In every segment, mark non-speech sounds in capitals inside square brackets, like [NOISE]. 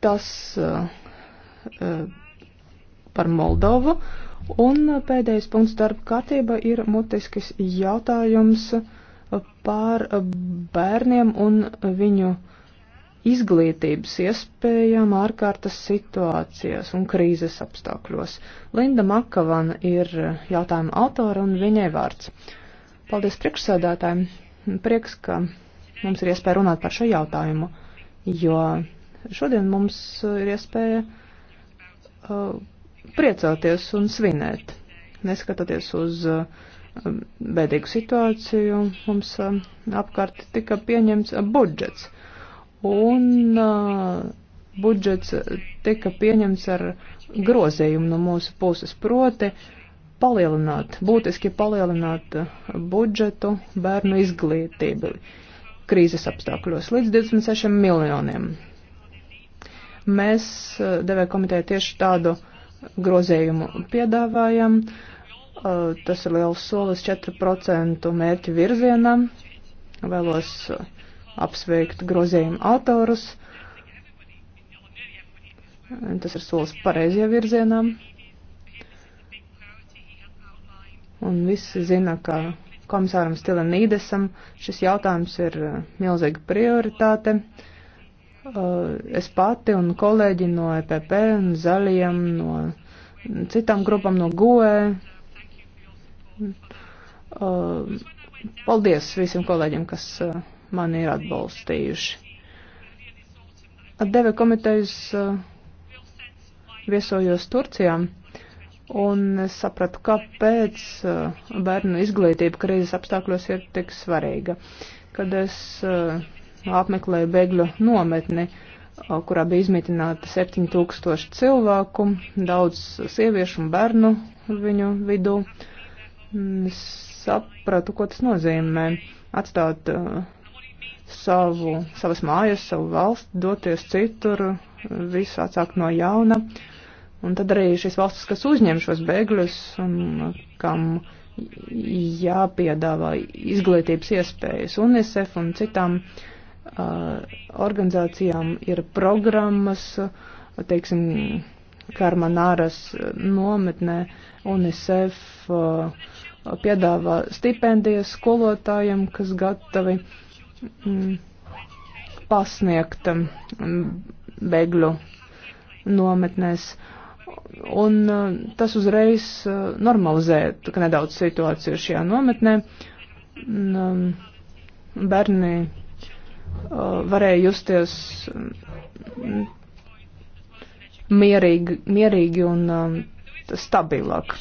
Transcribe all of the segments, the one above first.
Tas eh, eh, par Moldovu. Un pēdējais punkts darba kārtība ir mutiskas jautājums par bērniem un viņu izglītības iespējām ārkārtas situācijās un krīzes apstākļos. Linda Makavana ir jautājuma autora un viņai vārds. Paldies priekšsēdētājiem. Prieks, ka mums ir iespēja runāt par šo jautājumu, jo Šodien mums uh, ir iespēja uh, priecāties un svinēt, neskatoties uz uh, bēdīgu situāciju. Mums uh, apkārt tika pieņemts uh, budžets, un uh, budžets tika pieņemts ar grozījumu no mūsu puses proti palielināt, būtiski palielināt budžetu bērnu izglītībai krīzes apstākļos līdz 26 miljoniem. Mēs eh, devē komiteja tieši tādu grozējumu piedāvājam. Eh, tas ir liels solis 4% mērķu virzienā. Vēlos eh, apsveikt grozējumu autorus. Tas ir solis pareizajā virzienā. Un visi zina, ka komisāram Stilenīdesam šis jautājums ir milzīga prioritāte. Uh, Eh, es pati un kolēģi no EPP un zaļiem, no citām grupām no GOE. Eh, paldies visiem kolēģiem, kas eh, mani ir atbalstījuši. Deve komitejas viesojos Turcijā un es sapratu, kāpēc bērnu izglītība krīzes apstākļos ir tik svarīga. Kad es uh, apmeklēju bēgļu nometni, kurā bija izmitināti 7000 cilvēku, daudz sieviešu un bērnu viņu vidū. Mm, es sapratu, ko tas nozīmē atstāt savu, savas mājas, savu valsti, doties citur, visu atsākt no jauna. Un tad arī šīs valstis, kas uzņem šos bēgļus un kam jāpiedāvā izglītības iespējas UNICEF un citām uh, Uh, organizācijām ir programmas, uh, teiksim, Karmanāras nometnē UNICEF uh, piedāvā stipendijas skolotājiem, kas gatavi mm, pasniegt mm, bēgļu nometnēs. Un tas uzreiz normalizē nedaudz situāciju šajā nometnē. Um, bērni Uh, varēja justies mm, mierīgi, mierīgi un um, stabilāk.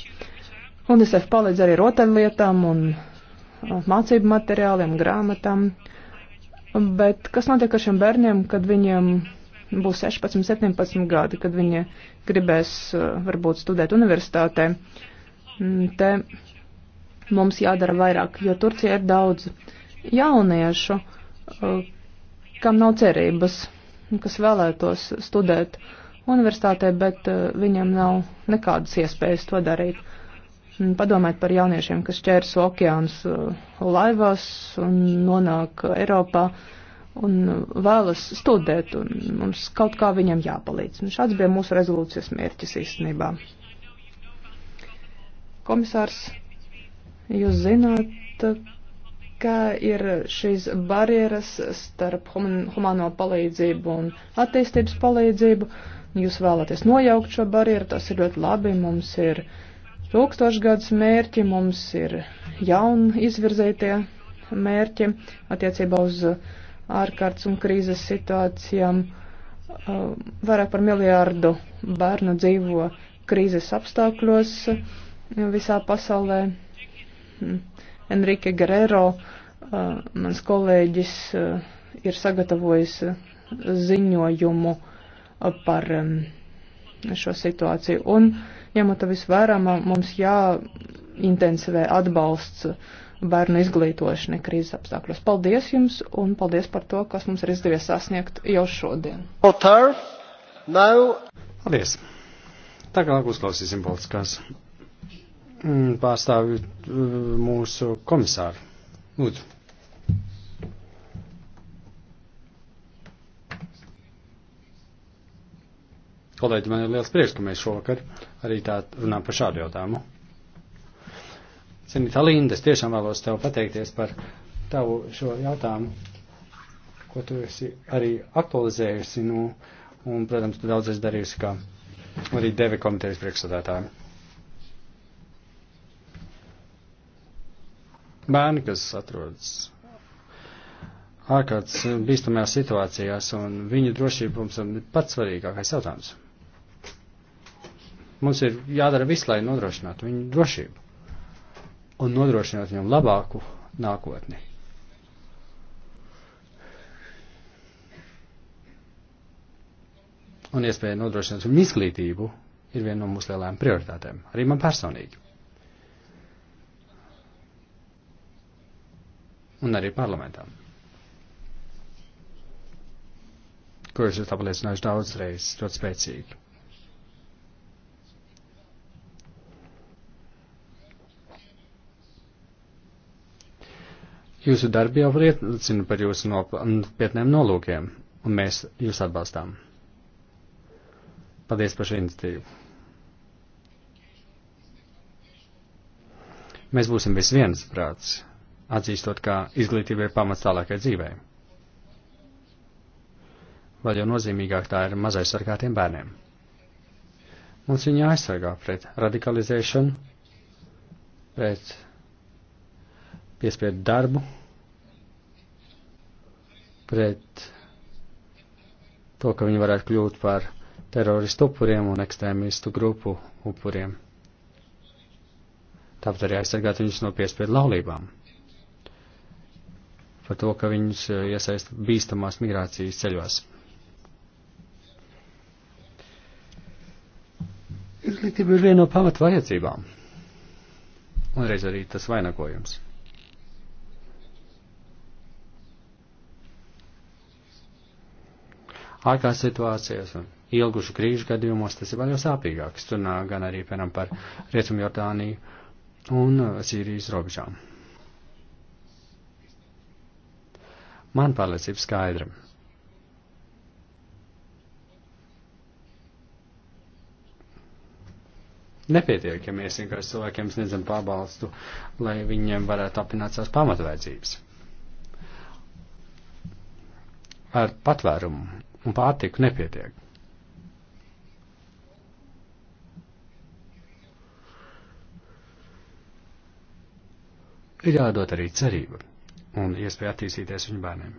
UNICEF palīdz arī rotaļlietām un uh, mācību materiāliem, grāmatām. Bet kas notiek ar šiem bērniem, kad viņiem būs 16, 17 gadi, kad viņi gribēs uh, varbūt studēt universitātē? Mm, te mums jādara vairāk, jo Turcija ir daudz jauniešu, kam nav cerības, kas vēlētos studēt universitātē, bet eh, viņam nav nekādas iespējas to darīt. Padomājiet par jauniešiem, kas šķērso okeānus eh, laivās un nonāk Eiropā un vēlas studēt, un mums kaut kā viņam jāpalīdz. Un šāds bija mūsu rezolūcijas mērķis īstenībā. Komisārs, jūs zināt, ka ir šīs barjeras starp humano palīdzību un attīstības palīdzību. Jūs vēlaties nojaukt šo barjeru, tas ir ļoti labi. Mums ir tūkstošgads mērķi, mums ir jauni izvirzētie mērķi attiecībā uz ārkārtas un krīzes situācijām. Uh, vairāk par miljārdu bērnu dzīvo krīzes apstākļos visā pasaulē. Hmm Enrique Guerrero, uh, mans kolēģis, uh, ir sagatavojis uh, ziņojumu par um, šo situāciju. Un, ņemot to visvērā, mums jāintensivē atbalsts bērnu izglītošanai krīzes apstākļos. Paldies jums un paldies par to, kas mums ir izdevies sasniegt jau šodien. Paldies! Tagad uzklausīsim politiskās Mm, pārstāvju mm, mūsu komisāru. Lūdzu. Kolēģi, man ir liels prieks, ka mēs šovakar arī tā runājam par šādu jautājumu. Cenīt, Alīna, es tiešām vēlos tev pateikties par tavu šo jautājumu, ko tu esi arī aktualizējusi, nu, un, protams, tu daudz esi darījusi kā arī Deve komitejas priekšsādātāja. bērni, kas atrodas ārkārtas bīstamajās situācijās, un viņu drošība mums ir pats svarīgākais jautājums. Mums ir jādara viss, lai nodrošinātu viņu drošību un nodrošinātu viņam labāku nākotni. Un iespēja nodrošināt viņu izglītību ir viena no mūsu lielajām prioritātēm, arī man personīgi. un arī parlamentam, ko es esmu apliecinājuši daudzreiz ļoti spēcīgi. Jūsu darbi jau liecina par jūsu nopietniem nolūkiem, un mēs jūs atbalstām. Paldies par šo iniciatīvu. Mēs būsim vis viens prāts atzīstot, ka izglītība ir pamats tālākai dzīvē. Vēl jau nozīmīgāk tā ir mazai sargātiem bērniem. Mums viņi aizsargā pret radikalizēšanu, pret piespiedu darbu, pret to, ka viņi varētu kļūt par teroristu upuriem un ekstrēmistu grupu upuriem. Tāpat arī aizsargāt viņus no piespiedu laulībām par to, ka viņus eh, iesaist bīstamās migrācijas ceļos. Izglītība ir viena no pamat vajadzībām. Un reiz arī tas vainagojums. ārkārtas situācijas un ilgušu krīžu gadījumos tas ir vēl jau sāpīgāks, tur gan arī, piemēram, par Rietumjordāniju un eh, Sīrijas robežām. Man pārliecība skaidra. Nepietiek, ja mēs vienkārši cilvēkiem sniedzam pabalstu, lai viņiem varētu apvienot savas pamatvērtības. Ar patvērumu un pārtiku nepietiek. Ir jādod arī cerība un iespēja attīstīties viņu bērniem.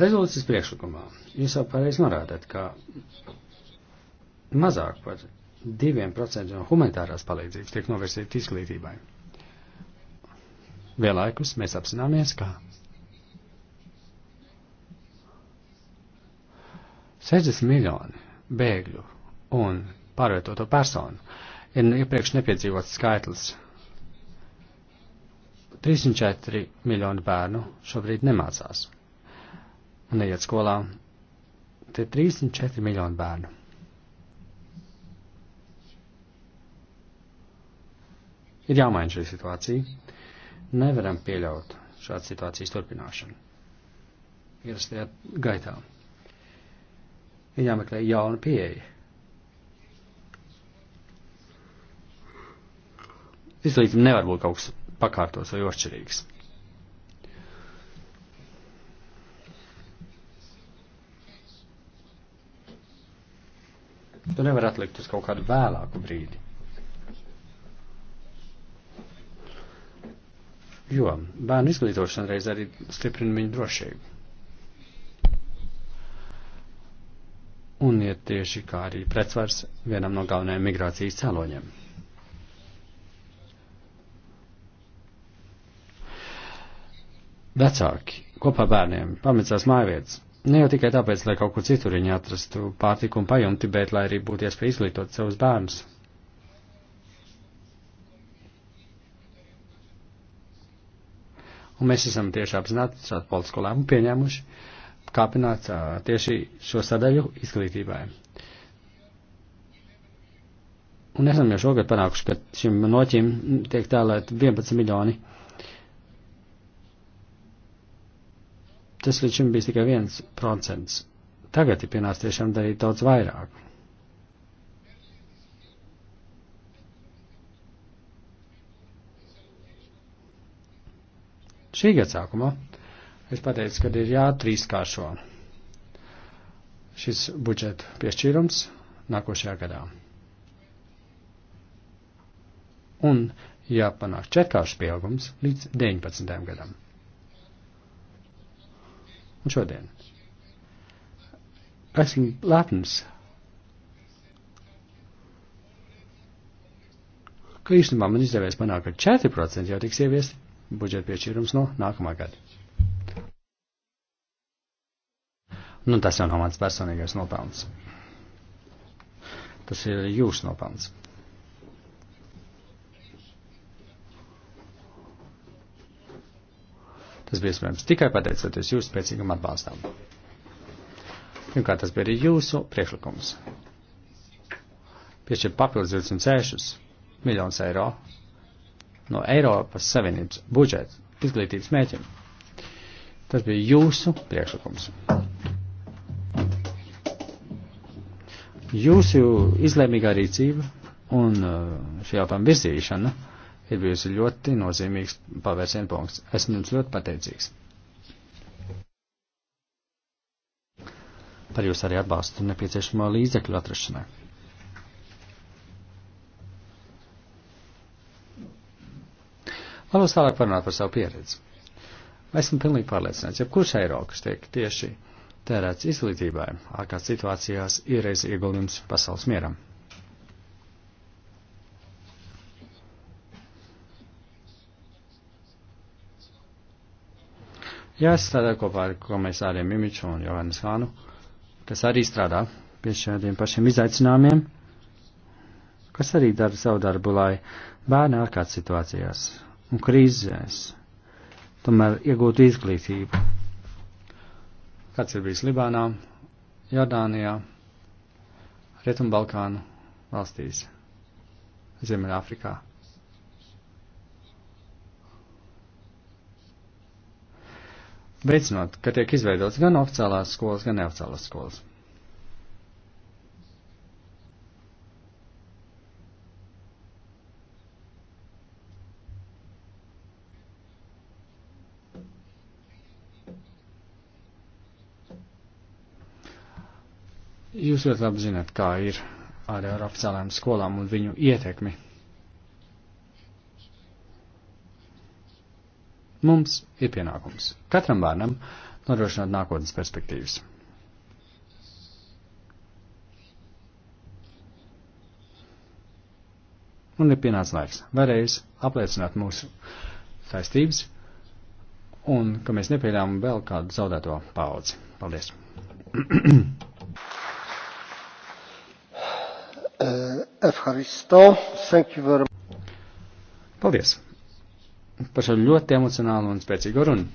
Rezolūcijas priekšlikumā jūs jau pareizi norādāt, ka mazāk par 2% no humanitārās palīdzības tiek novirzīta izglītībai. Vienlaikus mēs apzināmies, ka 60 miljoni bēgļu un pārvietoto personu ir iepriekš nepiedzīvots skaitlis 34 miljoni bērnu šobrīd nemācās un neiet skolā. Te 34 miljoni bērnu. Ir jāmaina šī situācija. Nevaram pieļaut šādas situācijas turpināšanu. Ierastajā gaitā. Ir jāmeklē jauna pieeja. Izglītība nevar būt kaut kas pakārtos vai ošķirīgs. To nevar atlikt uz kaut kādu vēlāku brīdi. Jo bērnu izglītošana reiz arī stiprina viņu drošību. Un ir tieši kā arī pretsvars vienam no galvenajiem migrācijas cēloņiem. vecāki kopā bērniem pamicās mājvietas. Ne jau tikai tāpēc, lai kaut kur citur viņi atrastu pārtiku un pajumti, bet lai arī būtu iespēja izglītot savus bērnus. Un mēs esam tieši apzināti šādu politisko lēmumu pieņēmuši, kāpināt tieši šo sadaļu izglītībai. Un esam jau šogad panākuši, ka šim noķim tiek tēlēt 11 miljoni uh, tas līdz šim bija tikai viens procents. Tagad ir pienācis tiešām darīt daudz vairāk. Šī gada sākumā es pateicu, ka ir jātrīskāršo šis budžeta piešķīrums nākošajā gadā. Un jāpanāk četrkāršu pieaugums līdz 19. gadam un šodien. Esmu lepns, ka īstenībā man izdevies panākt, ka 4% jau tiks ieviesti budžeta piešķīrums no nākamā gada. Nu, tas jau nav mans personīgais nopelns. Tas ir jūsu nopelns. Tas bija iespējams tikai pateicoties jūsu spēcīgam atbalstam. Pirmkārt, tas bija arī jūsu priekšlikums. Piešķirt papildus 26 miljonus eiro no Eiropas Savienības budžeta izglītības mēķim. Tas bija jūsu priekšlikums. Jūsu izlēmīgā rīcība un uh, šī jautājuma virzīšana ir bijusi ļoti nozīmīgs pavērsienu punkts. Esmu jums ļoti pateicīgs. Par jūs arī atbalstu nepieciešamo līdzekļu atrašanai. Vēlos tālāk parunāt par savu pieredzi. Esmu pilnīgi pārliecināts, ja kurš eiro, kas tiek tieši tērēts izglītībai, ārkārtas situācijās, ir reiz ieguldījums pasaules mieram. jāstrādā kopā ar komisāriem Mimiču un Jovanas Hānu, kas arī strādā pie šādiem pašiem izaicinājumiem, kas arī dara savu darbu, lai bērni ārkārtas situācijās un krīzēs tomēr iegūtu izglītību. Kāds ir bijis Libānā, Jordānijā, Rietumbalkānu valstīs, Ziemeļāfrikā. veicinot, ka tiek izveidots gan oficiālās skolas, gan neoficiālās skolas. Jūs ļoti labi zināt, kā ir ar oficiālām skolām un viņu ietekmi Mums ir pienākums katram bērnam nodrošināt nākotnes perspektīvas. Un ir pienācis laiks vēlreiz apliecināt mūsu saistības un ka mēs nepieļām vēl kādu zaudēto paudzi. Paldies! [CLEARS THROAT] Eh, Paldies! par šo ļoti emocionālu un spēcīgu runu.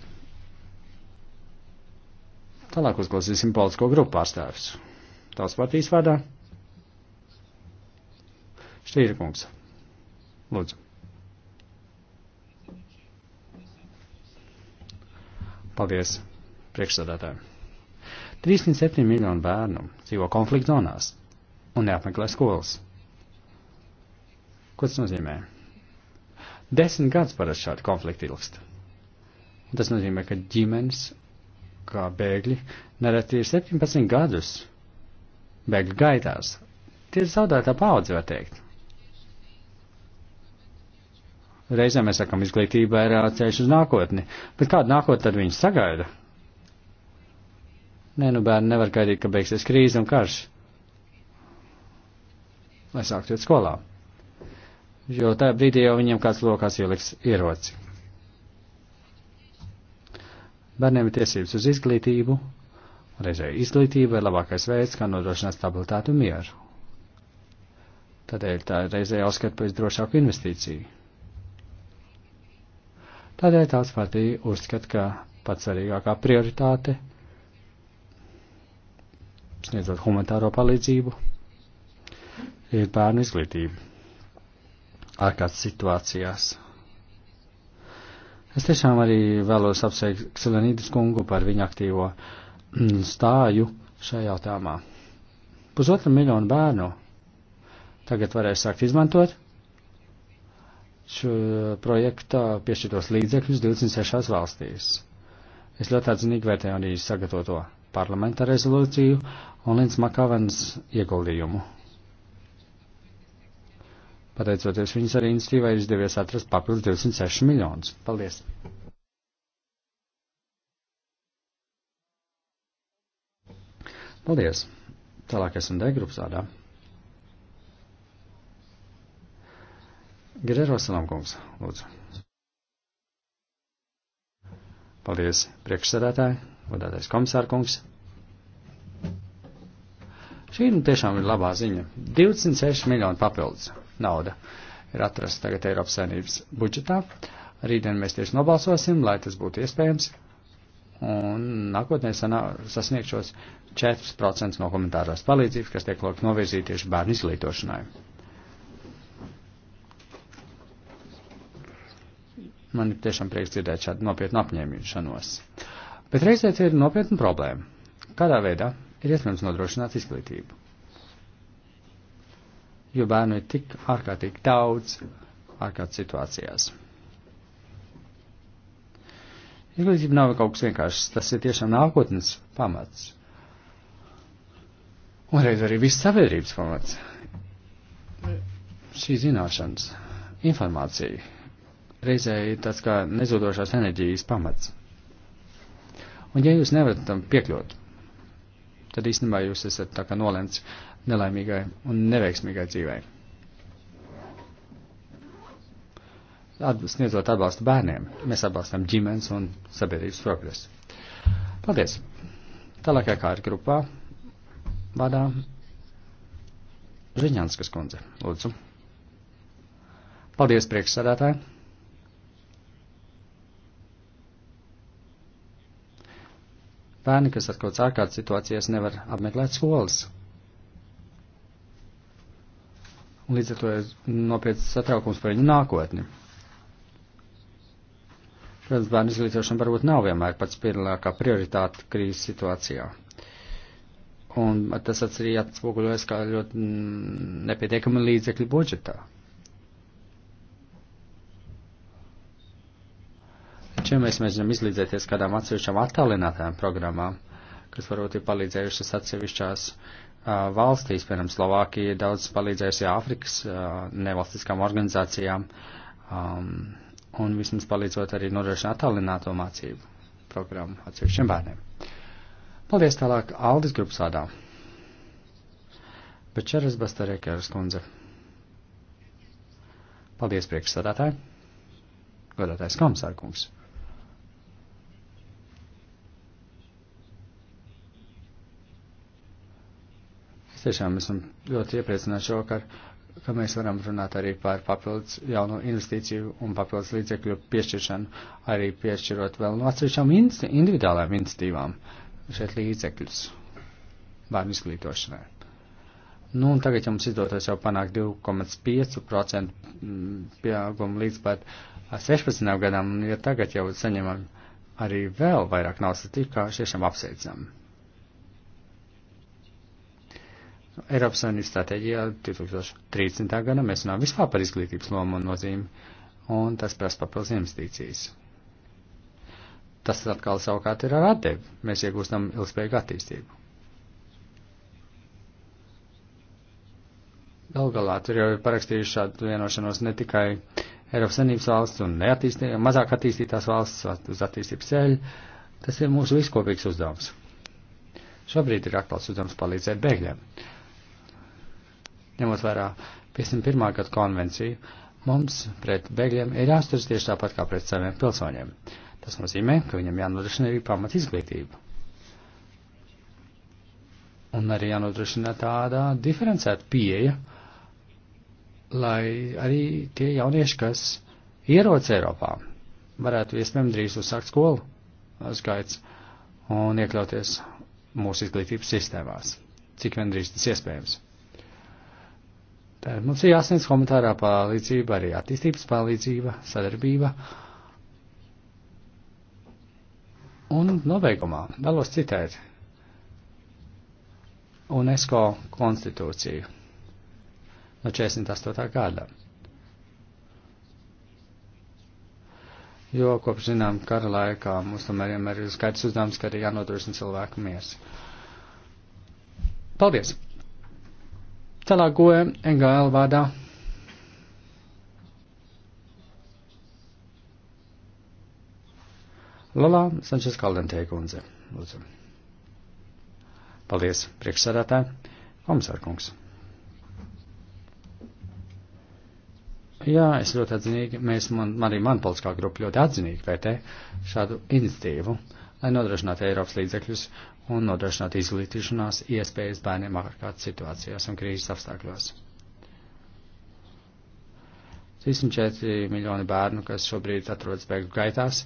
Tālāk uzklausīsim politisko grupu pārstāvis. Tās partijas vārdā. Štīra kungs. Lūdzu. Paldies, priekšsādātāji. 37 miljonu bērnu dzīvo konflikt zonās un neapmeklē skolas. Ko tas nozīmē? Desmit gadus parasti šādi konflikti ilgst. Un tas nozīmē, ka ģimenes, kā bēgļi, nereti ir 17 gadus bēgļu gaitās. Tie ir zaudētā paudze, var teikt. Reizē mēs sakam, izglītība ir ceļš uz nākotni, bet kādu nākotni tad viņi sagaida? Nē, nu bērni nevar gaidīt, ka beigsies krīze un karš, lai sāktu iet skolā jo tajā brīdī jau viņiem kāds lokās ieliks ieroci. Bērniem ir tiesības uz izglītību, reizē izglītība ir labākais veids, kā nodrošināt stabilitātu un mieru. Tādēļ tā reizē jāuzskata pēc drošāku investīciju. Tādēļ tāds partija uzskata, ka pats svarīgākā prioritāte sniedzot humanitāro palīdzību ir bērnu izglītība ārkārtas situācijās. Es tiešām arī vēlos apsveikt Kselenīdis kungu par viņa aktīvo mm, stāju šajā jautājumā. Pusotra miljonu bērnu tagad varēs sākt izmantot šo projekta piešķirtos līdzekļus 26 valstīs. Es ļoti atzinīgi vērtēju arī sagatavoto parlamenta rezolūciju un Lins Makavens ieguldījumu. Pateicoties viņas arī institīvai, izdevies atrast papildus 206 miljonus. Paldies! Paldies! Tālāk esam D grupas ādā. Gerero Salamkungs, lūdzu. Paldies, priekšsēdētāji, vadātais komisārkungs. Šī nu tiešām ir labā ziņa. 206 miljoni papildus nauda ir atrasta tagad Eiropas saimnības budžetā. Rītdien mēs tieši nobalsosim, lai tas būtu iespējams. Un nākotnē sasniegt šos 4% no komentārās palīdzības, kas tiek lūgt novirzīt tieši bērnu izglītošanai. Man ir tiešām prieks dzirdēt šādu nopietnu apņēmīšanos. Bet reizēs ir nopietna problēma. Kādā veidā ir iespējams nodrošināt izglītību? jo bērnu ir tik ārkārtīgi daudz ārkārtas situācijās. Izglītība nav kaut kas vienkāršs, tas ir tiešām nākotnes pamats. Un reiz arī viss sabiedrības pamats. Šī zināšanas, informācija, reizē ir tāds kā nezudošās enerģijas pamats. Un ja jūs nevarat tam piekļūt, tad īstenībā jūs esat tā kā nolēmts nelaimīgai un neveiksmīgai dzīvei. Sniedzot atbalstu bērniem, mēs atbalstam ģimenes un sabiedrības progresu. Paldies! Tālākajā kā ir grupā vadā Žiņanskas kundze. Lūdzu. Paldies, priekšsādātāji! Bērni, kas atrodas ārkārtas situācijās, nevar apmeklēt skolas. un līdz ar to ir nopietns satraukums par viņu nākotni. Protams, bērnu izglītošana varbūt nav vienmēr pats pirmākā prioritāte krīzes situācijā. Un tas arī atspoguļojas kā ļoti nepietiekami līdzekļi budžetā. Šeit mēs mēģinām izlīdzēties kādām atsevišķām attālinātām programmām, kas varbūt ir palīdzējušas atsevišķās uh, valstīs, piemēram, Slovākija daudz palīdzējusi Āfrikas uh, nevalstiskām organizācijām um, un vismaz palīdzot arī nodrošināt attālināto mācību programmu atsevišķiem bērniem. Paldies tālāk Aldis grupas vārdā. Bečeras Bastarekeras kundze. Paldies priekšsādātāji. Godātais komisārkungs. Tiešām esam ļoti iepriecināti šovakar, ka mēs varam runāt arī par papildus jaunu investīciju un papildus līdzekļu piešķiršanu, arī piešķirot vēl no atsevišķām individuālām institīvām šeit līdzekļus bērnu izglītošanai. Nu, un tagad jums izdotos jau panākt 2,5% mm, pieaugumu līdz pat 16 gadam, un ja tagad jau saņemam arī vēl vairāk naudas, tad tikā šiešām apsveicam. Eiropas Savienības stratēģijā 2030. gada mēs runājam vispār par izglītības lomu un nozīmi, un tas prasa papildus investīcijas. Tas atkal savukārt ir ar atdevi. Mēs iegūstam ilgspējīgu attīstību. Galu galā tur jau ir parakstījuši šādu vienošanos ne tikai Eiropas Savienības valsts un neattīstī, mazāk attīstītās valsts uz attīstības ceļu. Tas ir mūsu viskopīgs uzdevums. Šobrīd ir aktuāls uzdevums palīdzēt bēgļiem. Uh, ņemot vērā 501. gada konvenciju, mums pret bēgļiem ir jāsturas tieši tāpat kā pret saviem pilsoņiem. Tas nozīmē, ka viņam jānodrošina arī pamat izglītība. Un arī jānodrošina tāda diferencēta pieeja, lai arī tie jaunieši, kas ierodas Eiropā, varētu iespējami drīz uzsākt skolu skaits un iekļauties mūsu izglītības sistēmās, cik vien drīz tas iespējams. Tad mums ir jāsniedz komentārā palīdzība, arī attīstības palīdzība, sadarbība. Un nobeigumā vēlos citēt UNESCO konstitūciju no 48. gada. Jo kopš zinām kara laikā mums tomēr vienmēr ir skaidrs uzdevums, ka ir jānodrošina cilvēku miers. Paldies! Tālāk goja NGL vārdā. Lola Sančes Kaldentēja kundze. Lūdzu. Paldies, priekšsēdētāji. Komisārkungs. Jā, es ļoti atzinīgi, mēs, man, arī man politiskā grupa ļoti atzinīgi vērtē šādu iniciatīvu, lai nodrošinātu Eiropas līdzekļus un nodrošināt izglītīšanās iespējas bērniem ārkārtas situācijās un krīzes apstākļos. 34 miljoni bērnu, kas šobrīd atrodas bēgļu gaitās,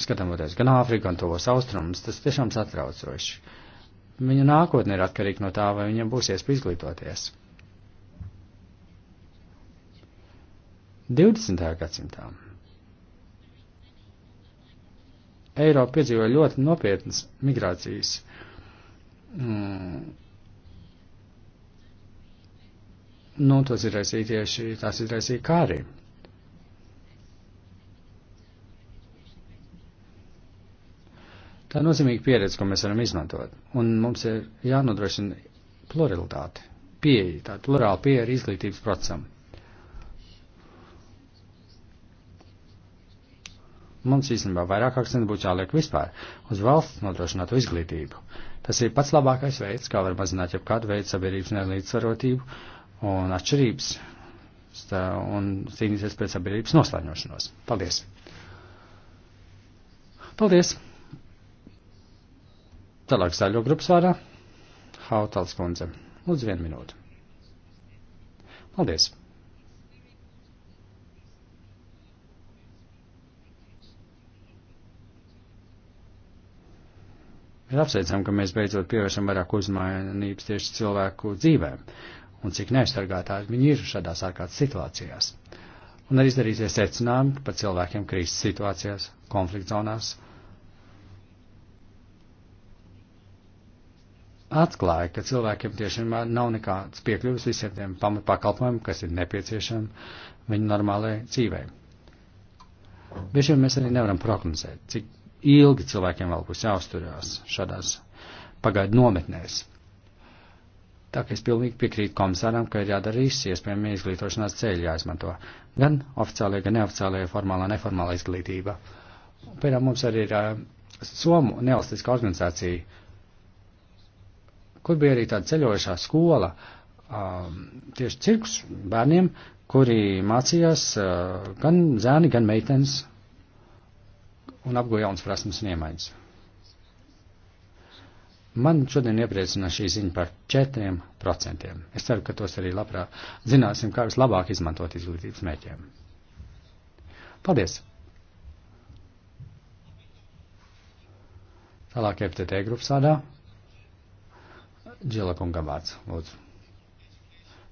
skatāmoties gan Āfriku, gan tovos austrumus, tas tiešām satraucoši. Viņa nākotne ir atkarīga no tā, vai viņam būs iespēja izglītoties. 20. gadsimtā Eiropa piedzīvo ļoti nopietnas migrācijas. Mm. Nu, tos izraisīja tieši, tās izraisīja kāri. Tā ir nozīmīga pieredze, ko mēs varam izmantot. Un mums ir jānodrošina pluralitāte, pieeja, tā plurāla pieeja ar izglītības procesam. Mums īstenībā vairāk akcentu būtu jāliek vispār uz valsts nodrošinātu izglītību. Tas ir pats labākais veids, kā var mazināt jebkādu veidu sabiedrības nelīdzsvarotību un atšķirības un cīnīties pret sabiedrības noslēņošanos. Paldies! Paldies! Tālāk zaļo grupas vārā. Hautals kundze. Lūdzu, vienu minūtu. Paldies! Mēs apsveicam, ka mēs beidzot pievēršam vairāk uzmanības tieši cilvēku dzīvēm un cik neaizsargātāji viņi ir šādās ārkārtas situācijās. Un arī izdarīsies secinājumi par cilvēkiem krīzes situācijās, konflikt zonās. Atklāja, ka cilvēkiem tieši nav nekāds piekļuvis visiem tiem pamatpakalpojumiem, kas ir nepieciešami viņu normālajai dzīvei. Bieži vien mēs arī nevaram prognozēt, cik ilgi cilvēkiem vēl būs jāuzturās šādās pagaidu nometnēs. Tā kā es pilnīgi piekrītu komisāram, ka ir jādara viss iespējami izglītošanās ceļi jāizmanto. Gan oficiālajā, gan neoficiālajā, formālā, neformālā izglītība. Pēdējā mums arī ir uh, Somu nevalstiska organizācija, kur bija arī tāda ceļojošā skola um, tieši cirkus bērniem, kuri mācījās uh, gan zēni, gan meitenes un apguva jaunas prasmes un iemaņas. Man šodien iepriecina šī ziņa par 4%. Es ceru, ka tos arī labprāt zināsim, kā vislabāk izmantot izglītības mēķiem. Paldies! Tālāk FTT grupas vārdā. Džila kungam vārds, lūdzu.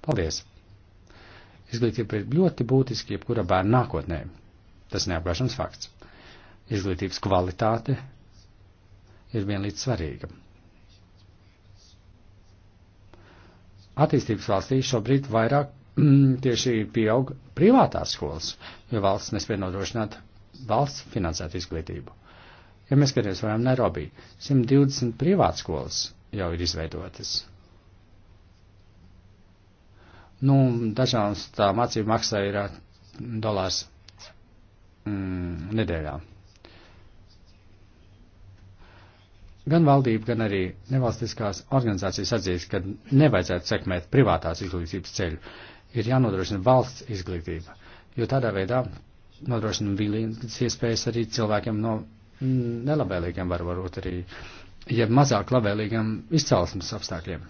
Paldies! Izglītība ir ļoti būtiski jebkura bērna nākotnē. Tas neapgāšanas fakts izglītības kvalitāte ir vienlīdz svarīga. Attīstības valstīs šobrīd vairāk mm, tieši pieaug privātās skolas, jo valsts nespēja nodrošināt valsts finansētu izglītību. Ja mēs skatāmies, varam Nairobi, 120 privātskolas jau ir izveidotas. Nu, dažām tā mācību maksā ir mm, dolārs mm, nedēļā. Gan valdība, gan arī nevalstiskās organizācijas atzīst, ka nevajadzētu sekmēt privātās izglītības ceļu. Ir jānodrošina valsts izglītība, jo tādā veidā nodrošina vienlīdzīgas iespējas arī cilvēkiem no mm, nelabvēlīgiem, varbūt arī jeb mazāk labvēlīgiem izcelsmes apstākļiem.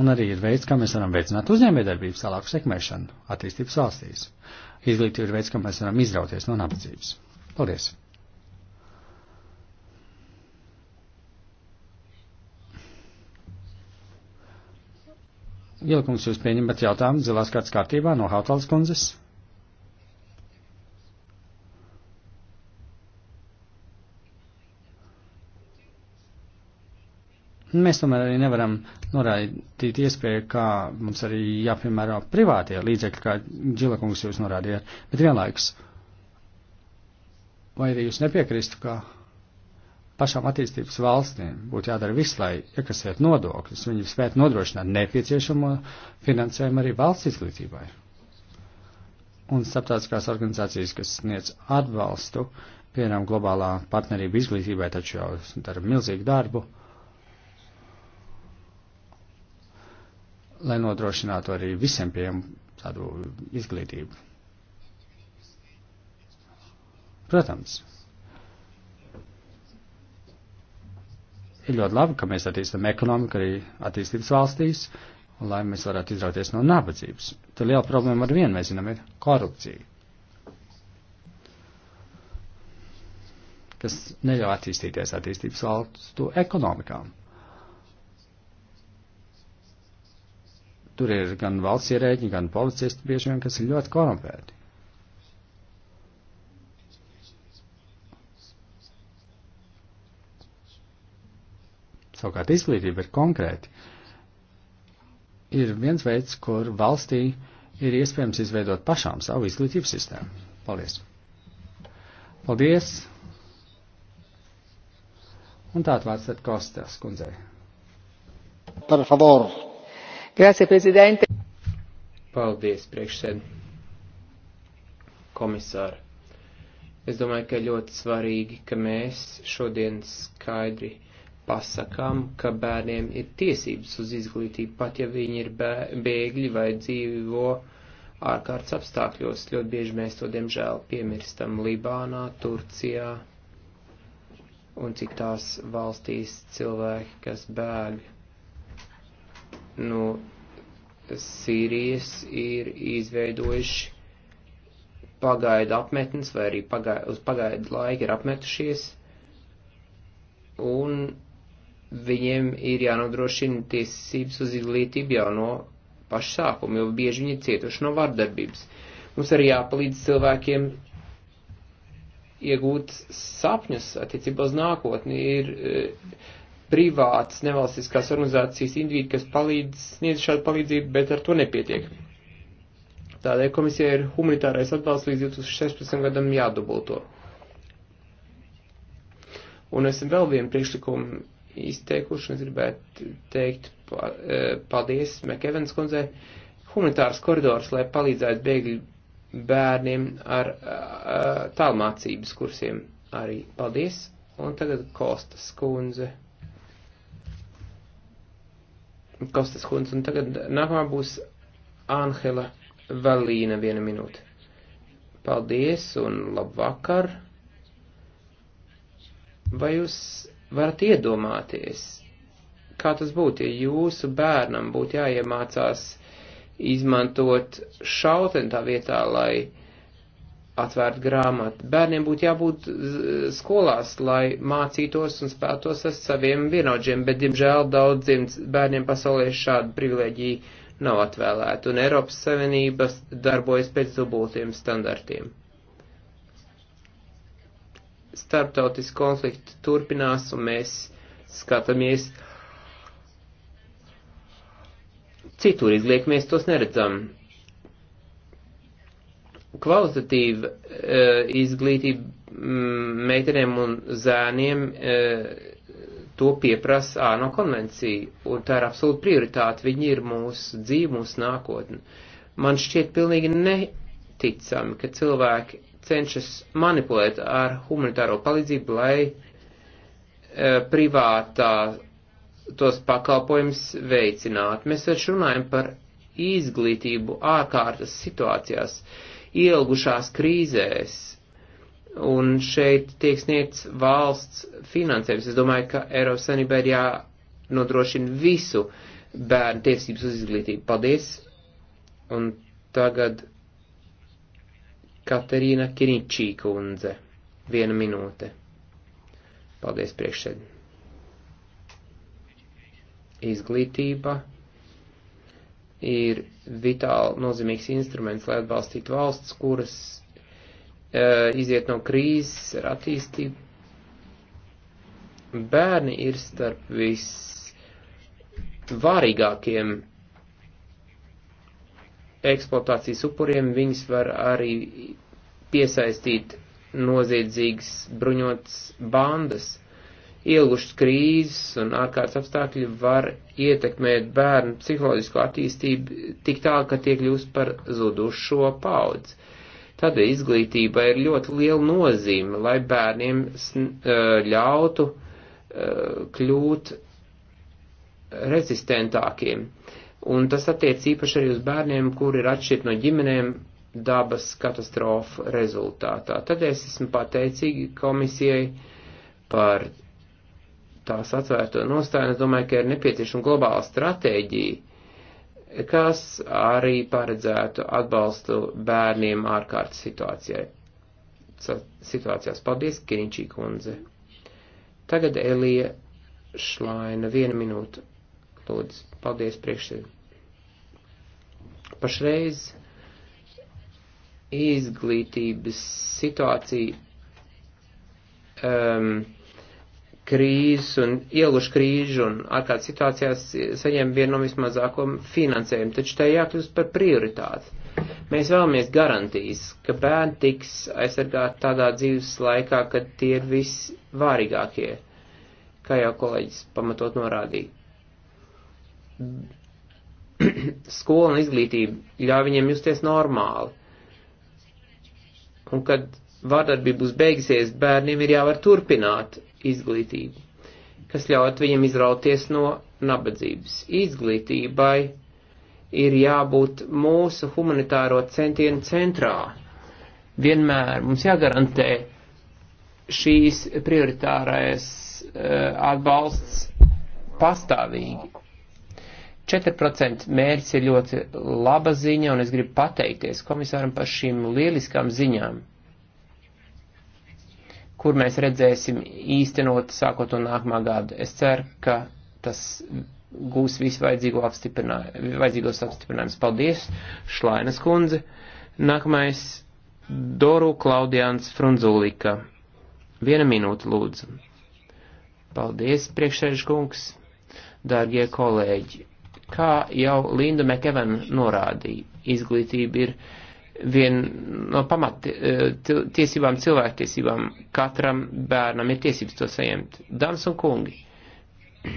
Un arī ir veids, kā mēs varam veicināt uzņēmējdarbības tālāku sekmēšanu attīstības valstīs izglītība ir veids, kā mēs varam izrauties no nabadzības. Paldies! Ielikumus jūs pieņemat jautājumu zilās kārtas kārtībā no Hautalas kundzes. Mēs tomēr arī nevaram norādīt iespēju, kā mums arī jāpiemēro privātie līdzekļi, kā Džila kungs jūs norādījāt, bet vienlaiks. Vai arī jūs nepiekristu, ka pašām attīstības valstīm būtu jādara viss, lai iekasētu nodokļus, viņi spētu nodrošināt nepieciešamo finansējumu arī valsts izglītībai? Un starptautiskās organizācijas, kas sniedz atbalstu, piemēram, globālā partnerība izglītībai, taču jau dara milzīgu darbu lai nodrošinātu arī visiem pieejamu tādu izglītību. Protams, ir ļoti labi, ka mēs attīstam ekonomiku arī attīstības valstīs, un lai mēs varētu izrauties no nabadzības. Tur liela problēma ar vienu, mēs zinām, ir korupcija, kas neļauj attīstīties attīstības valstu ekonomikām. Tur ir gan valsts ierēģi, gan policisti bieži vien, kas ir ļoti korumpēti. Savukārt izglītība ir konkrēti. Ir viens veids, kur valstī ir iespējams izveidot pašām savu izglītības sistēmu. Paldies! Paldies! Un tā atvērts tad Kostas kundzei. Par favor! Grazie, prezidente. Paldies, priekšsēd. Komisāri. Es domāju, ka ļoti svarīgi, ka mēs šodien skaidri pasakām, ka bērniem ir tiesības uz izglītību, pat ja viņi ir bēgļi vai dzīvo ārkārtas apstākļos. Ļoti bieži mēs to, diemžēl, piemirstam Libānā, Turcijā un citās valstīs cilvēki, kas bēg no Sīrijas ir izveidojuši pagaidu apmetnes vai arī pagaidu, uz pagaidu laiku ir apmetušies un viņiem ir jānodrošina tiesības uz izglītību jau no paša sākuma, jo bieži viņi ir cietuši no vardarbības. Mums arī jāpalīdz cilvēkiem iegūt sapņus attiecībā uz nākotni. Ir, eh, privātas nevalstiskās organizācijas individu, kas palīdz, sniedz šādu palīdzību, bet ar to nepietiek. Tādēļ komisija ir humanitārais atbalsts līdz 2016. gadam jādubulto. Un esam vēl vienu priekšlikumu izteikuši, un es gribētu teikt e, paldies Mekevens kundzei. Humanitārs koridors, lai palīdzētu bēgļu bērniem ar e, e, tālmācības kursiem arī paldies. Un tagad Kostas kundze. Kostas Hunds, un tagad nākamā būs Ānhela Valīna viena minūte. Paldies un labvakar! Vai jūs varat iedomāties, kā tas būtu, ja jūsu bērnam būtu jāiemācās izmantot šauteni tā vietā, lai atvērta grāmata. Bērniem būtu jābūt skolās, lai mācītos un spētos ar saviem vienaudžiem, bet, diemžēl, daudziem bērniem pasaulē šāda privileģija nav atvēlēta, un Eiropas Savienības darbojas pēc dubultiem standartiem. Starptautiski konflikti turpinās, un mēs skatāmies citur, izliekamies tos neredzam kvalitatīva uh, izglītība mm, meitenēm un zēniem uh, to pieprasa āno konvencija, un tā ir absolūta prioritāte, viņi ir mūsu dzīve, mūsu nākotne. Man šķiet pilnīgi neticami, ka cilvēki cenšas manipulēt ar humanitāro palīdzību, lai uh, privātā tos pakalpojumus veicinātu. Mēs vairs runājam par izglītību ārkārtas situācijās. Uh, ielgušās krīzēs, un šeit tiek sniegts valsts finansējums. Es domāju, ka Eiropas Sanībā ir jānodrošina visu bērnu tiesības uz izglītību. Paldies! Un tagad Katerīna Kiričī kundze. Viena minūte. Paldies priekšsēd. Izglītība ir vitāli nozīmīgs instruments, lai atbalstītu valsts, kuras e, iziet no krīzes ar attīstību. Bērni ir starp visvārīgākiem eksploatācijas upuriem, viņus var arī piesaistīt noziedzīgas bruņotas bandas ilgušas krīzes un ārkārtas apstākļi var ietekmēt bērnu psiholoģisko attīstību tik tā, ka tie kļūst par zudušo paudzi. Tādēļ izglītība ir ļoti liela nozīme, lai bērniem e, ļautu e, kļūt resistentākiem. Un tas attiec īpaši arī uz bērniem, kuri ir atšķirt no ģimenēm dabas katastrofu rezultātā. Tad es esmu pateicīgi komisijai par tās atvērto nostāju, es domāju, ka ir nepieciešama globāla stratēģija, kas arī paredzētu atbalstu bērniem ārkārtas situācijai. situācijās. Paldies, Kiničī kundze. Tagad Elija Šlaina, viena minūte. Lūdzu, paldies priekšsēdētājiem pašreiz izglītības situācija um, krīzes un ielušu krīžu un ārkārtas situācijās saņem vienu no vismazāko finansējumu, taču tai jākļūst par prioritāti. Mēs vēlamies garantijas, ka bērni tiks aizsargāti tādā dzīves laikā, kad tie ir visvārīgākie, kā jau kolēģis pamatot norādīja. [CLEARS THROAT] Skola un izglītība ļauj viņiem justies normāli. Un kad vārdarbība būs beigusies, bērniem ir jāvar turpināt izglītību, kas ļaut viņiem izrauties no nabadzības. Izglītībai ir jābūt mūsu humanitāro centienu centrā. Vienmēr mums jāgarantē šīs prioritārais uh, atbalsts pastāvīgi. 4% mērķis ir ļoti laba ziņa, un es gribu pateikties komisāram par šīm lieliskām ziņām kur mēs redzēsim īstenot sākot no nākamā gada. Es ceru, ka tas gūs visu vajadzīgo apstiprinājumu, vajadzīgos apstiprinājumus. Paldies, Šlainas kundze. Nākamais Doru Klaudijāns Frunzulika. Viena minūte, lūdzu. Paldies, priekšsēžu kungs, dārgie kolēģi. Kā jau Linda Mekevena norādīja, izglītība ir viena no pamat eh, tiesībām, cilvēktiesībām. Katram bērnam ir tiesības to saņemt. Dāmas un kungi, [CLEARS THROAT]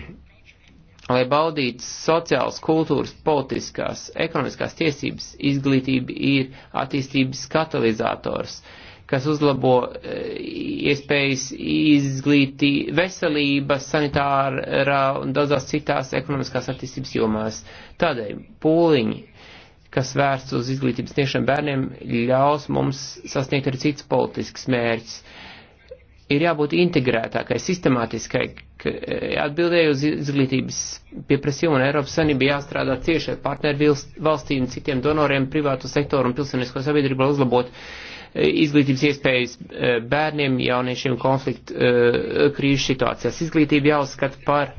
lai baudītu sociālas, kultūras, politiskās, ekonomiskās tiesības, izglītība ir attīstības katalizators kas uzlabo eh, iespējas izglītī veselības, sanitārā un daudzās citās ekonomiskās attīstības jomās. Tādēļ pūliņi kas vērsts uz izglītības sniegšanu bērniem, ļaus mums sasniegt arī cits politisks mērķis. Ir jābūt integrētākai, sistemātiskai eh, atbildēju uz izglītības pieprasījumu un Eiropas Sanība jāstrādā tieši ar partneru valstīm, citiem donoriem, privātu sektoru un pilsonisko sabiedrību, lai uzlabot eh, izglītības iespējas eh, bērniem, jauniešiem konfliktu krīžu situācijās. Izglītība jāuzskata par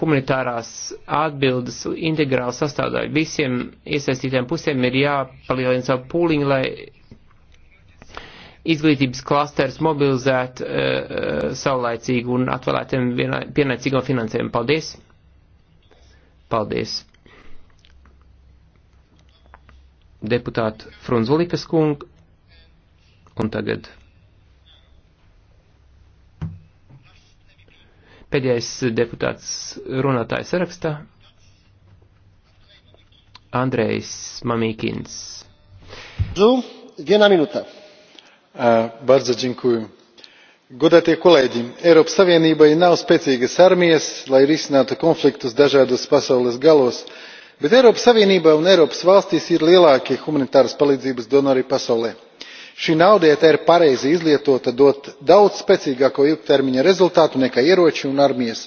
humanitārās atbildes integrāla sastāvdaļa. Visiem iesaistītiem pusēm ir jāpalielina savu pūliņu, lai izglītības klasters mobilizēt uh, eh, uh, eh, saulaicīgi un atvēlētiem pienaicīgo finansējumu. Paldies! Paldies! Deputāta Frunzulikas kung un tagad. Pēdējais deputāts runātājs sarakstā - Andrejs Mamīkins. Lūdzu, viena minūte. Bardzo dziękuję. Godātie kolēģi, Eiropas Savienībai nav spēcīgas armijas, lai risinātu konfliktus dažādos pasaules galos, bet Eiropas Savienībā un Eiropas valstīs ir lielākie humanitāras palīdzības donori pasaulē šī nauda ja tā ir pareizi izlietota dot daudz spēcīgāko ilgtermiņa rezultātu nekā ieroči un armijas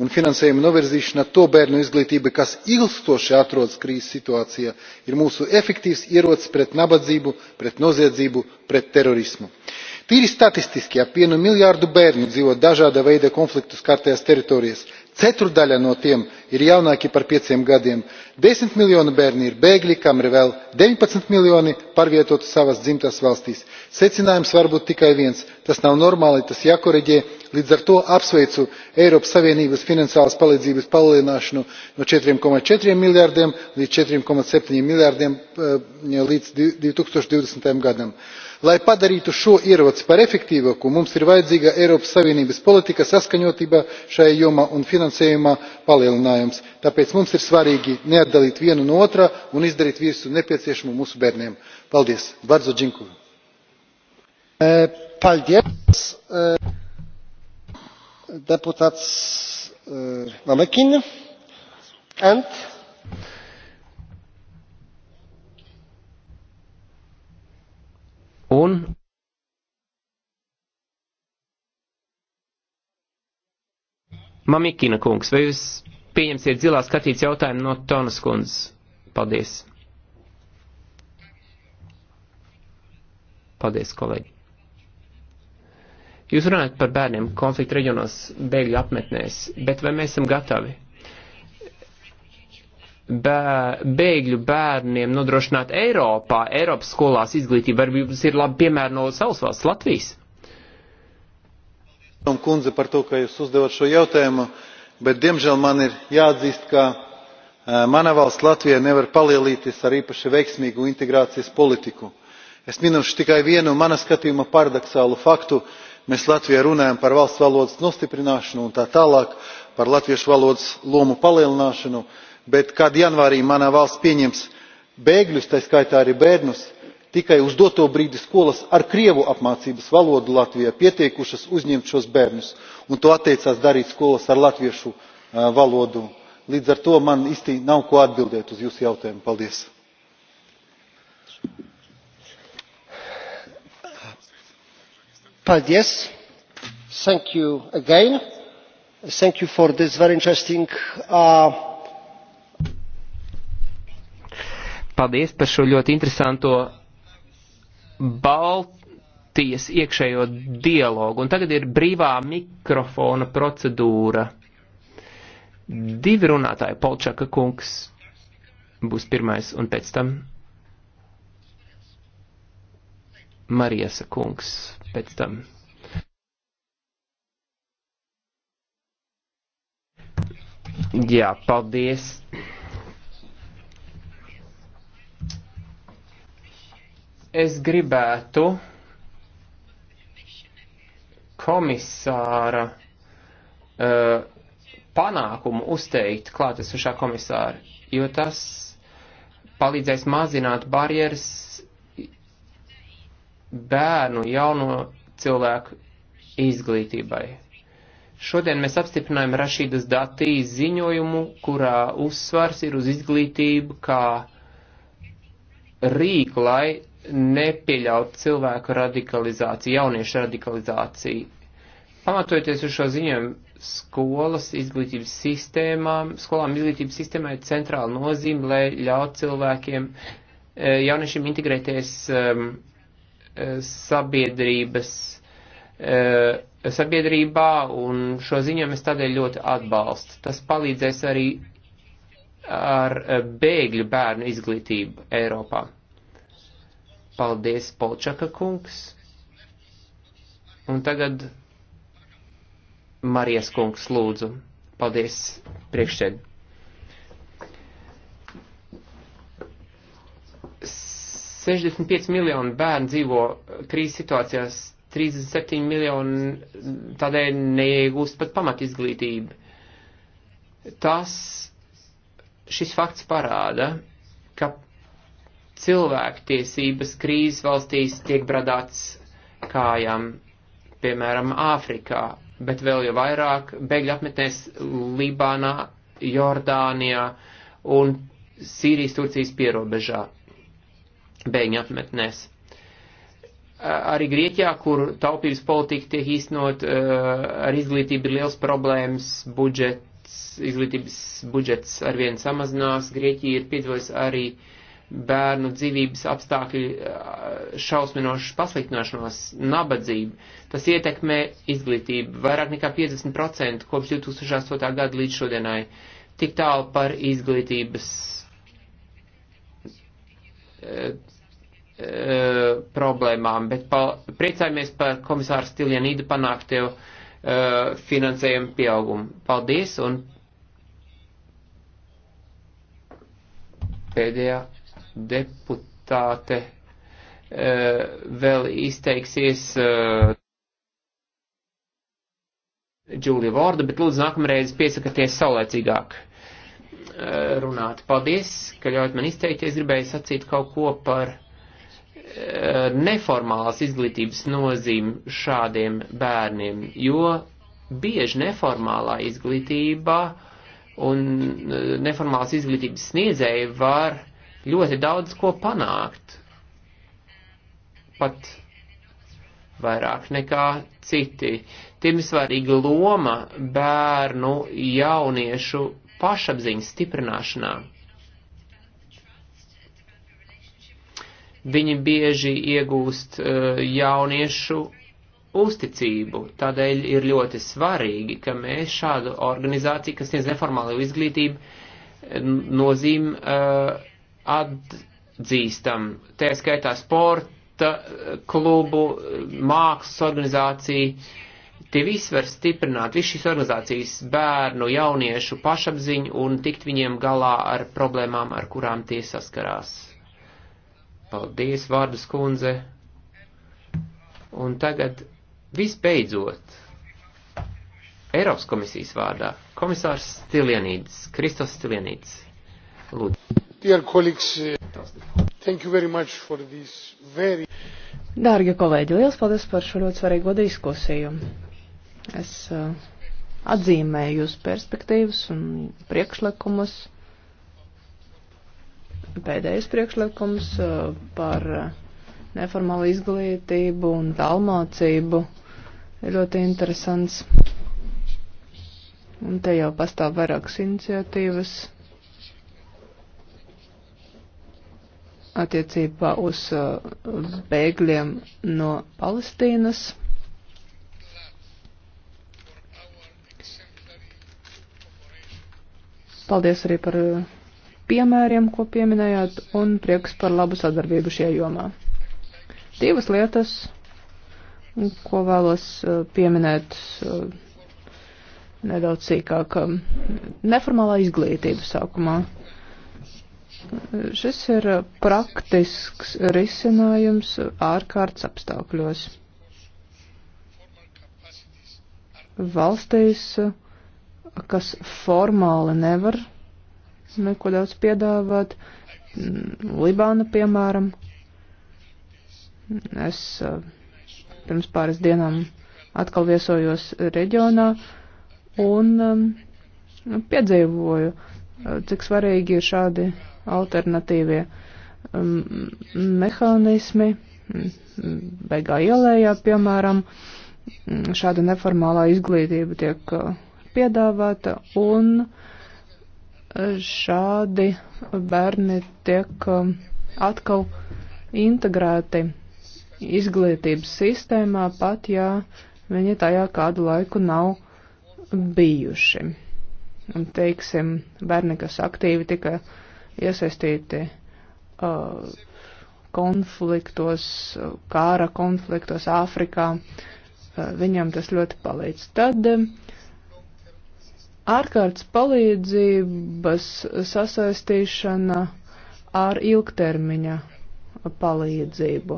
un finansējuma novirzīšana to bērnu izglītībai kas ilgstoši atrodas krīzes situācijā ir mūsu efektīvs ierocis pret nabadzību pret noziedzību pret terorismu. tīri statistiski apmēram viena miljārda bērnu dzīvo dažāda veida konfliktu skartajās teritorijās ceturdaļa no tiem ir jaunāki par pieciem gadiem desmit miljoni bērni ir bēgļi kamēr vēl deviņpadsmit miljoni pārvietoti savās dzimtās valstīs. secinājums var būt tikai viens tas nav normāli tas jākoriģē. līdz ar to apsveicu eiropas savienības finansiālās palīdzības palielināšanu no četriem četriem miljardiem līdz četriem septiņiem miljardiem eh, līdz divi tūkstoši divdesmit gadam. lai padarītu šo ieroci par efektīvāku mums ir vajadzīga eiropas savienības politika saskaņotība šajā jomā un finansējuma palielinājums tāpēc mums ir svarīgi neatdalīt vienu no otra un izdarīt visu nepieciešamo mūsu bērniem. paldies! E, paldies! E, deputāts Namekin. E, And Un Mamikina kungs, vai jūs pieņemsiet zilā skatīts jautājumu no Tonas kundzes? Paldies. Paldies, kolēģi. Jūs runājat par bērniem konflikta reģionos, bēgļu apmetnēs, bet vai mēs esam gatavi bē, bēgļu bērniem nodrošināt Eiropā, Eiropas skolās izglītību? Varbūt jums ir labi piemēri no savas valsts, Latvijas? Kundze par to, ka jūs uzdevat šo jautājumu, bet diemžēl man ir jāatzīst, ka e, mana valsts Latvija nevar palielīties ar īpaši veiksmīgu integrācijas politiku. Es minēšu tikai vienu mana skatījuma paradoxālu faktu mēs latvijā runājam par valsts valodas nostiprināšanu un tā tālāk par latviešu valodas lomu palielināšanu bet kad janvārī mana valsts pieņems bēgļus tai skaitā arī bērnus tikai uz doto brīdi skolas ar krievu apmācības valodu latvijā pietiekušas uzņemt šos bērnus un to atteicās darīt skolas ar latviešu valodu. līdz ar to man īsti nav ko atbildēt uz jūsu jautājumu. paldies! paldies thank you again thank you for this very interesting uh... paldies par šo ļoti interesanto Baltijas iekšējo dialogu. Un tagad ir brīvā mikrofona procedūra. Divi runātāji, Polčaka kungs būs pirmais un pēc tam Marijas kungs pēc tam. Jā, paldies. Es gribētu komisāra uh, panākumu uzteikt klātesošā komisāra, jo tas palīdzēs mazināt barjeras bērnu jauno cilvēku izglītībai. Šodien mēs apstiprinājam Rašīdas datī ziņojumu, kurā uzsvars ir uz izglītību kā rīku, lai nepieļaut cilvēku radikalizāciju, jauniešu radikalizāciju. Pamatojoties uz šo ziņojumu, skolas izglītības sistēmām, skolām izglītības sistēmai ir centrāla nozīme, lai ļaut cilvēkiem, eh, jauniešiem integrēties um, Eh, sabiedrības, eh, sabiedrībā, un šo ziņojumu es tādēļ ļoti atbalstu. Tas palīdzēs arī ar eh, bēgļu bērnu izglītību Eiropā. Paldies, Polčaka kungs. Un tagad Marijas kungs lūdzu. Paldies, priekšsēdētāji. 65 miljoni bērnu dzīvo eh, krīzes situācijās, 37 miljoni mm, tādēļ neiegūst pat pamat izglītību. Tas, šis fakts parāda, ka cilvēktiesības krīzes valstīs tiek bradāts kājām, piemēram, Āfrikā, bet vēl jau vairāk bēgļu apmetnēs Libānā, Jordānijā un Sīrijas Turcijas pierobežā bēgņu apmetnēs. Arī Grieķijā, kur taupības politika tiek īstenot, ar izglītību ir liels problēmas, budžets, izglītības budžets arvien samazinās, Grieķija ir piedzīvojusi arī bērnu dzīvības apstākļu šausminošu pasliktināšanos, nabadzību. Tas ietekmē izglītību vairāk nekā 50% kopš 2008. gada līdz šodienai. Tik tālu par izglītības e, problēmām, bet pa, priecājamies par komisāru Stiljanīdu panāktie uh, finansējumu pieaugumu. Paldies un pēdējā deputāte uh, vēl izteiksies e, Džulija uh, Vorda, bet lūdzu nākamreiz piesakaties saulēcīgāk e, runāt. Paldies, ka ļaujat man izteikties. Gribēju sacīt kaut ko par neformālās izglītības nozīme šādiem bērniem, jo bieži neformālā izglītība un e, neformālās izglītības sniedzēji var ļoti daudz ko panākt. Pat vairāk nekā citi. Tiem svarīga loma bērnu jauniešu pašapziņas stiprināšanā. Viņi bieži iegūst uh, jauniešu uzticību, tādēļ ir ļoti svarīgi, ka mēs šādu organizāciju, kas sniedz neformālo izglītību, nozīm uh, atzīstam. Tā skaitā sporta e, klubu, mākslas organizāciju. Tie visi var stiprināt, visu šīs organizācijas bērnu, jauniešu pašapziņu un tikt viņiem galā ar problēmām, ar kurām tie saskarās. Paldies, Vārdas kundze. Un tagad visbeidzot Eiropas komisijas vārdā komisārs Stilienīds, Kristos Stilienīds. Lūdzu. Dear colleagues, thank you very much for this very. Dārgie kolēģi, liels paldies par šo ļoti svarīgo diskusiju. Es uh, atzīmēju jūsu perspektīvas un priekšlikumus pēdējais priekšlikums uh, par uh, neformālu izglītību un tālmācību ir ļoti interesants. Un te jau pastāv vairākas iniciatīvas attiecībā uz uh, bēgļiem no Palestīnas. Paldies arī par piemēriem, ko pieminējāt, un prieks par labu sadarbību šajā jomā. Divas lietas, ko vēlos eh, pieminēt eh, nedaudz sīkāk. Eh, neformālā izglītība sākumā. Šis ir praktisks risinājums ārkārtas apstākļos. Valstīs, kas formāli nevar neko daudz piedāvāt. Libāna, piemēram, es eh, pirms pāris dienām atkal viesojos reģionā un eh, piedzīvoju, eh, cik svarīgi ir šādi alternatīvie mm, mehānismi, beigā ielējā, piemēram, šāda neformālā izglītība tiek piedāvāta un uh, šādi bērni tiek um, atkal integrēti izglītības sistēmā, pat ja viņi tajā kādu laiku nav bijuši. Un, teiksim, bērni, kas aktīvi tika iesaistīti uh, konfliktos, uh, kāra konfliktos Āfrikā, uh, viņam tas ļoti palīdz. Tad uh, Ārkārtas palīdzības sasaistīšana ar ilgtermiņa palīdzību,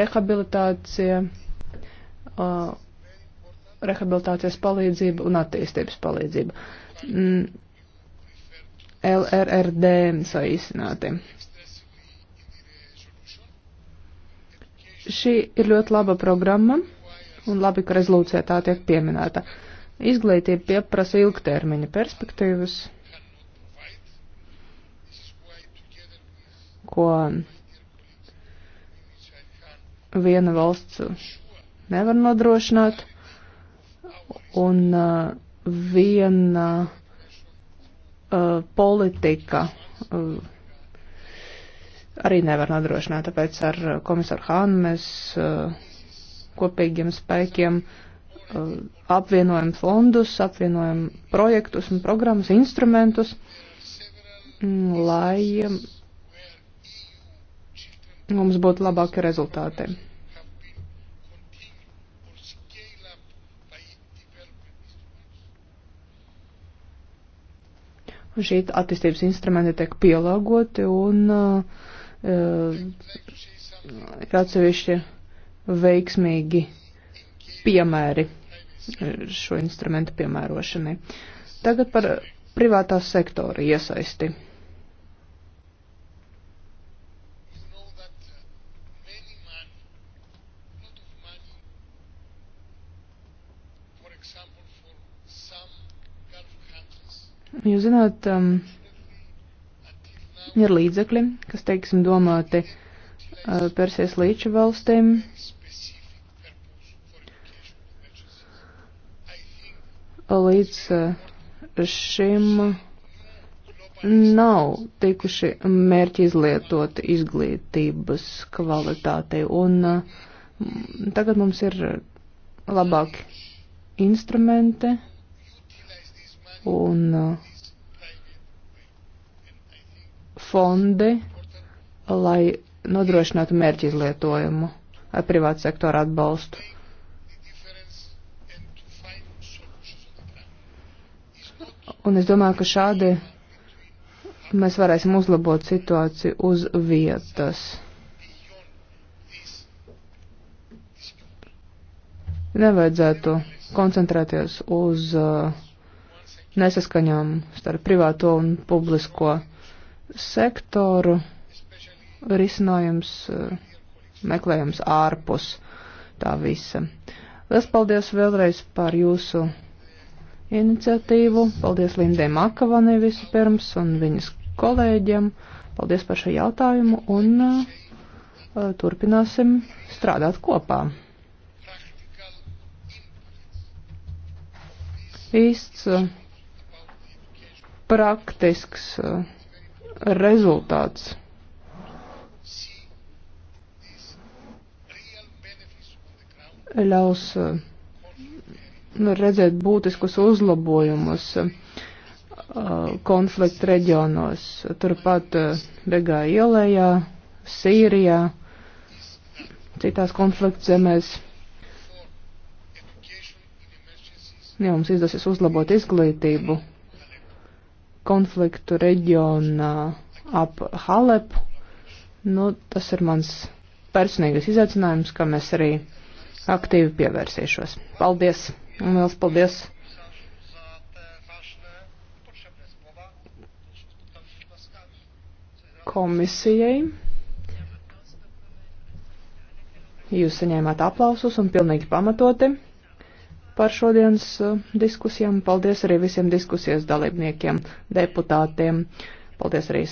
rehabilitācija, uh, rehabilitācijas palīdzība un attīstības palīdzība. Mm, LRRD saīsināti. Šī ir ļoti laba programma un labi, ka rezolūcijā tā tiek pieminēta. Uh, Izglītība pieprasa ilgtermiņa perspektīvas, ko viena valsts nevar nodrošināt, un uh, viena uh, politika uh, arī nevar nodrošināt. Tāpēc ar uh, komisāru Hānu mēs uh, kopīgiem spēkiem uh, Uh, apvienojam fondus, apvienojam projektus un programmas, instrumentus, mm, lai um, mums būtu labāki rezultāti. Šī attīstības instrumenti tiek pielāgoti un uh, ir atsevišķi veiksmīgi piemēri. Eh, šo instrumentu piemērošanai. Tagad par privātā sektora iesaisti. Jūs zināt, um, ir līdzekļi, kas, teiksim, domāti uh, Persijas līča valstīm, līdz eh, šim nav tikuši mērķi izlietot izglītības kvalitātei. Un eh, tagad mums ir labāki instrumenti un eh, fondi, lai nodrošinātu mērķi izlietojumu ar privātu sektoru atbalstu. Un es domāju, ka šādi mēs varēsim uzlabot situāciju uz vietas. Nevajadzētu koncentrēties uz uh, nesaskaņām starp privāto un publisko sektoru. Risinājums uh, meklējams ārpus tā visa. Liels paldies vēlreiz par jūsu iniciatīvu. Paldies Lindai Makavanai vispirms un viņas kolēģiem. Paldies par šo jautājumu un uh, turpināsim strādāt kopā. Īsts uh, praktisks uh, rezultāts. ļaus uh, Nu, redzēt būtiskus uzlabojumus uh, konflikta reģionos, turpat uh, Begā ielējā, Sīrijā, citās konflikta zemēs. Ja mums izdosies uzlabot izglītību konfliktu reģionā ap Halepu, nu, tas ir mans personīgais izaicinājums, kam es arī aktīvi pievērsīšos. Paldies! Un liels paldies! Komisijai. Jūs saņēmāt aplausus un pilnīgi pamatoti par šodienas uh, diskusijām. Paldies arī visiem diskusijas dalībniekiem, deputātiem. Paldies arī.